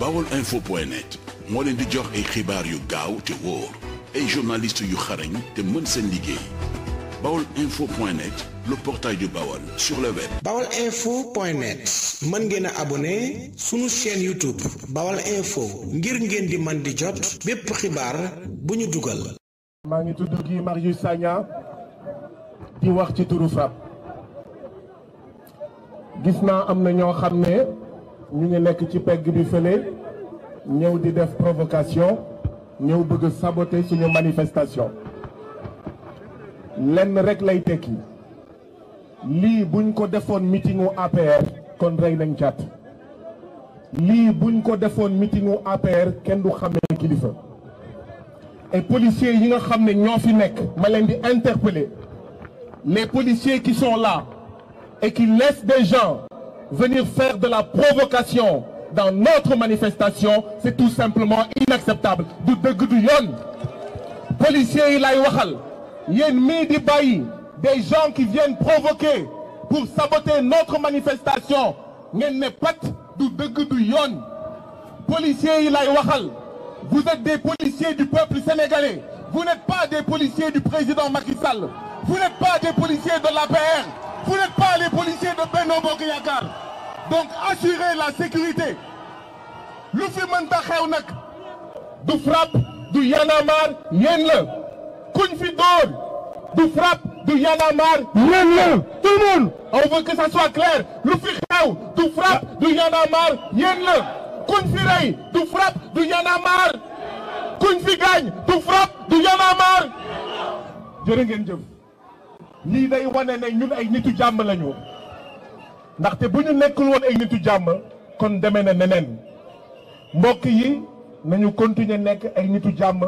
bawol info net moo leen di jox ay xibaar yu gaaw te wóor ay journalistes yu xarañ te mën seen liggéey bawol info point net le portail du Bawol sur le web. bawol info net mën ngeen a abonné sunu seen YouTube bawol info ngir ngeen di man di jot bépp xibaar bu ñu dugal. maa ngi tudd Guy Marius Sagna di wax ci turu FRAPP gis naa am na ñoo xam ne. ñu ngi nekk ci pegg bi fële ñëw di def provocation ñëw bëgg saboter suñu manifestation lenn rek lay tekki lii buñ ko defoon meetingu APR kon rey nañ càtt lii buñ ko defoon meetingu APR kenn du xamee kilifa et policiers yi nga xam ne ñoo fi nekk ma leen di interpeller les policiers qui sont là et qui laissent des gens venir faire de la provocation dans notre manifestation c'est tout simplement inacceptable du dëgg du yoon policiers yi lay waxal yéen mii di bàyyi des gens qui viennent provoquer pour saboter notre manifestation ngeen ne pat du dëgg du yoon policiers yi lay waxal vous êtes des policiers du peuple sénégalais vous n'êtes pas des policiers du président Macky Sall vous n'êtes pas des policiers de l'APR Vous n'êtes pas les policiers de Benno Bokk Yaakaar donc assurez la sécurité lu fi mënta xew nag du frappe du yanamar yéen la kuñ fi dóor du frappe du yanamar yéen la tout le que ça soit clair lu fi xew du frappe du yanamar yéen la kuñ fi rey du frappe du yanamar kuñ fi gaañ du frappe du yanamar jërë ngeen jëf lii day wane na ñun ay nitu jàmm lañu ndaxte bu ñu nekkul woon ay nitu jàmm kon deme na neneen mbokk yi nañu continuer nekk ay nitu jàmm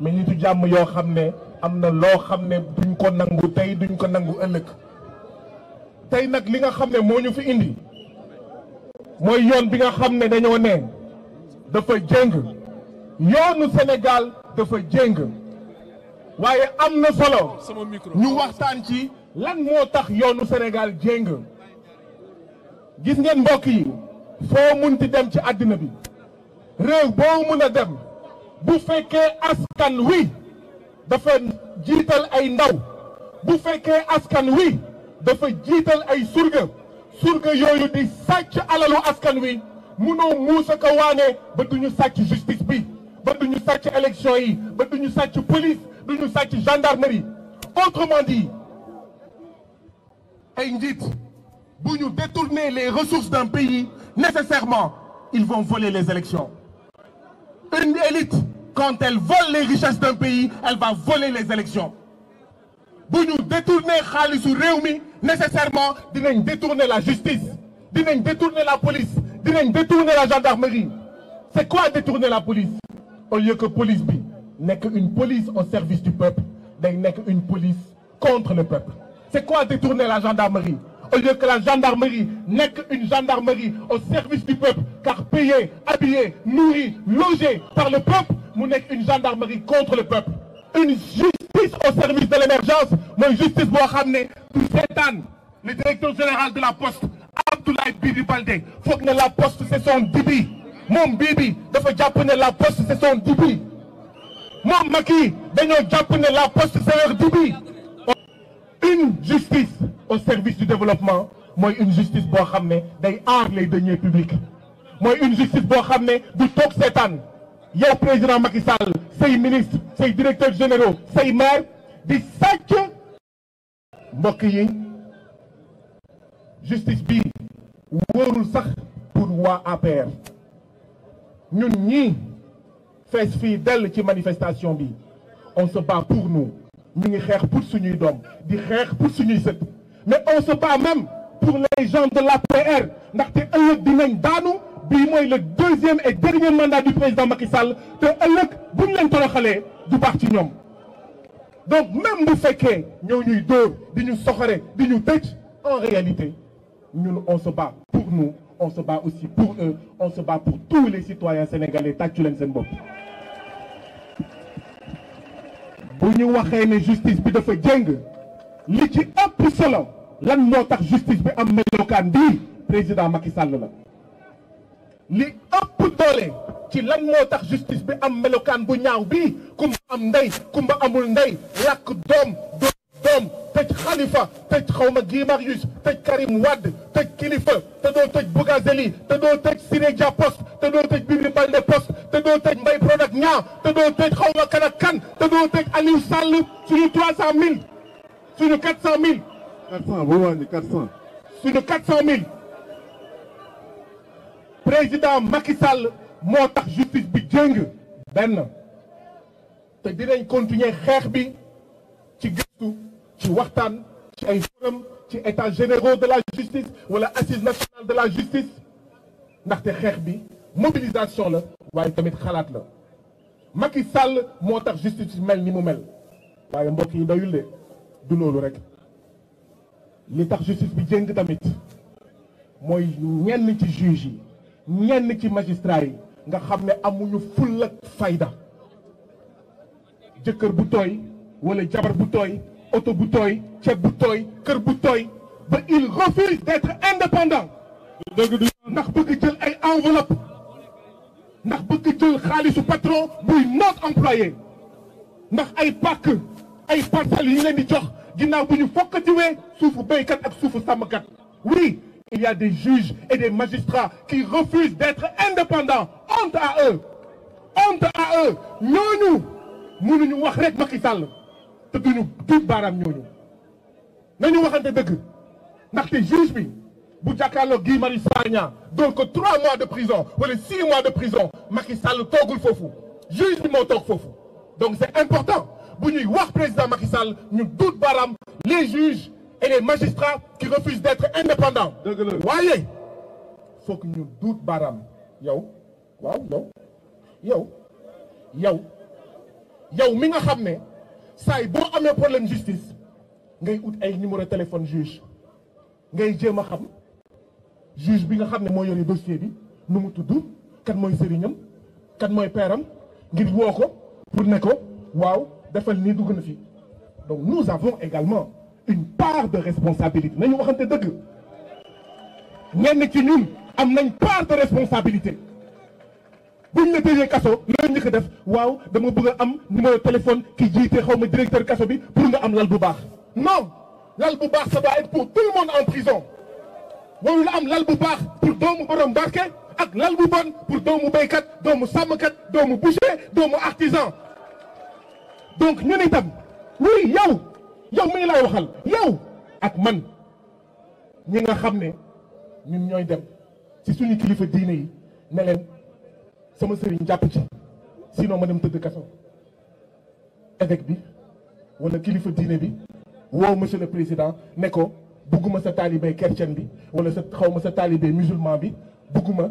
mais nitu jàmm yoo xam ne am na loo xam ne duñ ko nangu tey duñ ko nangu ëllëg tey nag li nga xam ne moo ñu fi indi mooy yoon bi nga xam ne dañoo ne dafa jéng yoonu senegaal dafa jéng waaye am na solo ñu waxtaan ci lan moo tax yoonu Sénégal jéng gis ngeen mbokk yi foo munti dem ci àddina bi réew boo mun a dem bu fekkee askan wi dafa jiital ay ndaw bu fekkee askan wi dafa jiital ay surga surga yooyu di sàcc alalu askan wi munoo muusa ko waane ba duñu sàcc justice bi ba duñu sàcc élection yi ba duñu sàcc police du ñu sàcc gendarmerie autrement dit ay njiit bu ñu détourner les ressources d'un pays nécessairement ils vont voler les élections une élite quand elle vole les richesses d'un pays elle va voler les élections bu ñu détourner xaalisu réew mi nécessairement dinañ détourner la justice dinañ détourner la police dinañ détourner la gendarmerie c'est quoi détourner la police au lieu que police bi nekk une police au service du peuple day nekk une police contre le peuple c'est quoi détourner la gendarmerie au lieu que la gendarmerie nekk une gendarmerie au service du peuple car payée habillée nourrie logée par le peuple mu nekk une gendarmerie contre le peuple justice au service de l'émergence mooy justice boo xam ne du seetaan le directeur général de la poste Abdoulaye Bibi Baldé foog ne la poste c'est son dibi moom Bibi dafa jàpp ne la poste c'est son dibi moom Macky dañoo jàpp ne la poste Senghor Djiby une justice au service du développement mooy une justice boo xam ne day aar les deniers publics mooy une justice boo xam ne du toog seetaan yow président Macky Sall say ministre say directeurs généraux say maire di sàcc mbokk yi justice bi wóorul sax pour waa APR ñun ñi fees fii dell ci manifestation bi on se bat pour nous ñu ngi xeex pour suñuy doom di xeex pour suñuy set mais on se bat même pour les gens de l'APR ndaxte ëllëg dinañ daanu bii mooy le deuxième et dernier mandat du président Macky Sall te ëllëg buñ leen toroxalee du baax ci ñoom donc même bu fekkee ñëw ñuy dóor di ñu soxore di ñu tëj en réalité ñun on se bat pour nous on se bat aussi pour eux on se bat pour tous les citoyens sénégalais tàccu leen seen bopp bu ñu waxee ne justice bi dafa jéng li ci ëpp solo lan moo tax justice bi am melokaan bii président Macky Sall la li ëpp doole ci lan moo tax justice bi am melokaan bu ñaaw bii kumba am ndey kumba amul ndey làkk doom doom tëj Khalifa tëj xawma gi Marius tëj Karim Wade tëj Kilifeu te doo tëj Bougazelli te doo tëj Siré Dia Poste te doo tëj Bibi Baldé Poste te doo tëj Mbaye Prodac ñaa te doo tëj xawma kan ak kan te doo tëj Aliou Sall suñu 300000 suñu 400000. 400 boo wàññi 400. suñu 400000 président Macky Sall moo tax justice bi jëng benn te dinañ continuer xeex bi ci gëstu. waxtaan ci ay forum ci état généraux de la justice wala assise nationale de la justice ndaxte xeex bi mobilisation la waaye tamit xalaat la Macky sàll moo tax justice mel ni mu mel waaye mbokk yi doyul du loolu rek li tax justice bi jëng tamit mooy ñenn ci juge yi ñenn ci magistrat yi nga xam ne amuñu full ak fayda jëkkër bu tooy wala jabar bu tooy oto bu tooy ceeb bu tooy kër bu tooy ba il refuse d'être indépendant ndax bëgg jël ay enveloppe ndax bëgg jël su patro buy noot employé ndax ay pàkk ay parcelles yi ñu leen di jox ginnaaw bu ñu fokkatiwee suufu béykat ak suufu sàmmkat oui il y a des juges et des magistrats qui refusent d'être indépendant honte à eux honte à eux ñooñu mënuñu wax rek Macky Sall tudduñu tuut baaraam ñooñu nañu waxante dëgg ndaxte juge bi bu jàkkaarloo Guy Marius Sagna donc trois mois de prison wala six mois de prison Macky Sall toogul foofu juge moo toog foofu donc c'est important bu ñuy wax président Macky Sall ñu duut baaraam les juges et les magistrats qui refusent d'être indépendants waaye foog ñu duut baaraam yow waaw yow yow yow yow mi nga xam ne saay boo amee problème justice ngay ut ay numéro téléphone juge ngay jéem a xam juge bi nga xam ne moo yore dossier bi nu mu tudd kan mooy sëriñam kan mooy peeram ngir woo ko pour ne ko waaw defal nii dugg na fi donc nous avons également une part de responsabilité nañu waxante dëgg ñenn ci ñun am nañ part de responsabilité buñ la tëjee kaso looy njëkk def waaw dama bugg a am numéro téléphone ki jiite xaw ma directeur kaso bi pour nga am lal bu baax. non lal bu baax ça doit être pour tout le en prison waru la am lal bu baax pour doomu borom barke ak lal bu bon pour doomu béykat doomu sàmmkat doomu boucher doomu artisan. donc ñu ne itam oui yow yow mi ngi lay waxal yow ak man ñi nga xam ne ñun ñooy dem ci suñu kilifa diine yi ne sama sëriñ jàpp ci sinon ma dem tëdd kaso évêque bi wala kilifa diine bi woo monsieur le président ne ko bugguma sa taalibe kercen bi wala sa xaw ma sa taalibe musulman bi bugguma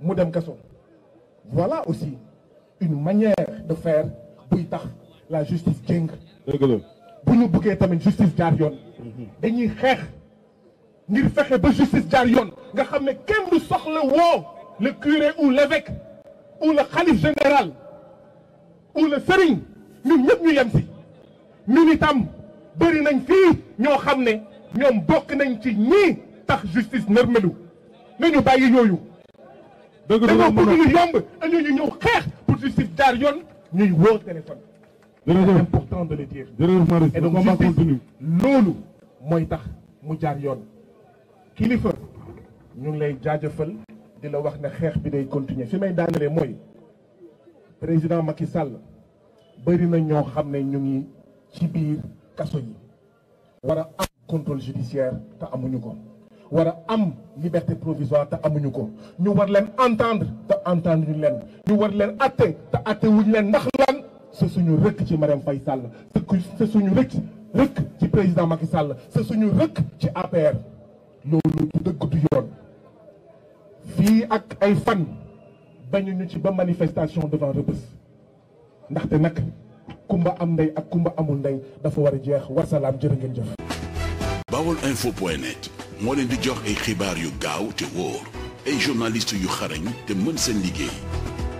mu dem kaso voilà aussi une manière de faire buy tax la justice jéng bu ñu buggee tamit justice jaar yoon dañuy xeex ngir fexe ba justice jaar yoon nga xam ne kenn du soxla woo le curé ou l'évêque ou le khalife général ou le sëriñ ñun ñëpp ñu yem si ñun itam bëri nañ fii ñoo xam ne ñoom bokk nañ ci ñii tax justice nërmelu nañu bàyyi yooyu dëgg la pour ñu yomb dañu ñu ñëw xeex pour justice jaar yoon ñuy woo téléphone c'est important de le dire et donc justice loolu mooy tax mu jaar yoon kilifa ñu lay jaajëfal di la wax ne xeex bi day continuer fi may daanelee mooy président Macky Sall bëri na ñoo xam ne ñu ngi ci biir kaso yi war a am contrôle judiciaire te amuñu ko war a am liberté provisoire te amuñu ko ñu war leen entendre te entendre ñu leen ñu war leen atte te atte wuñ leen ndax lan c'est suñu rëkk ci Marème Faye Sall sa suñu rëkk rëkk ci président Macky Sall sa suñu rëkk ci APR loolu du dëgg du yoon fii ak ay fan bañu ñu ci ba manifestation devant Rebeuss ndaxte nag kumba am ndey ak kumba amul ndey dafa war a jeex wasalaam jërë ngeen jëf. bawol info moo leen di jox ay xibaar yu gaaw te wóor ay journaliste yu xarañ te mën seen liggéey.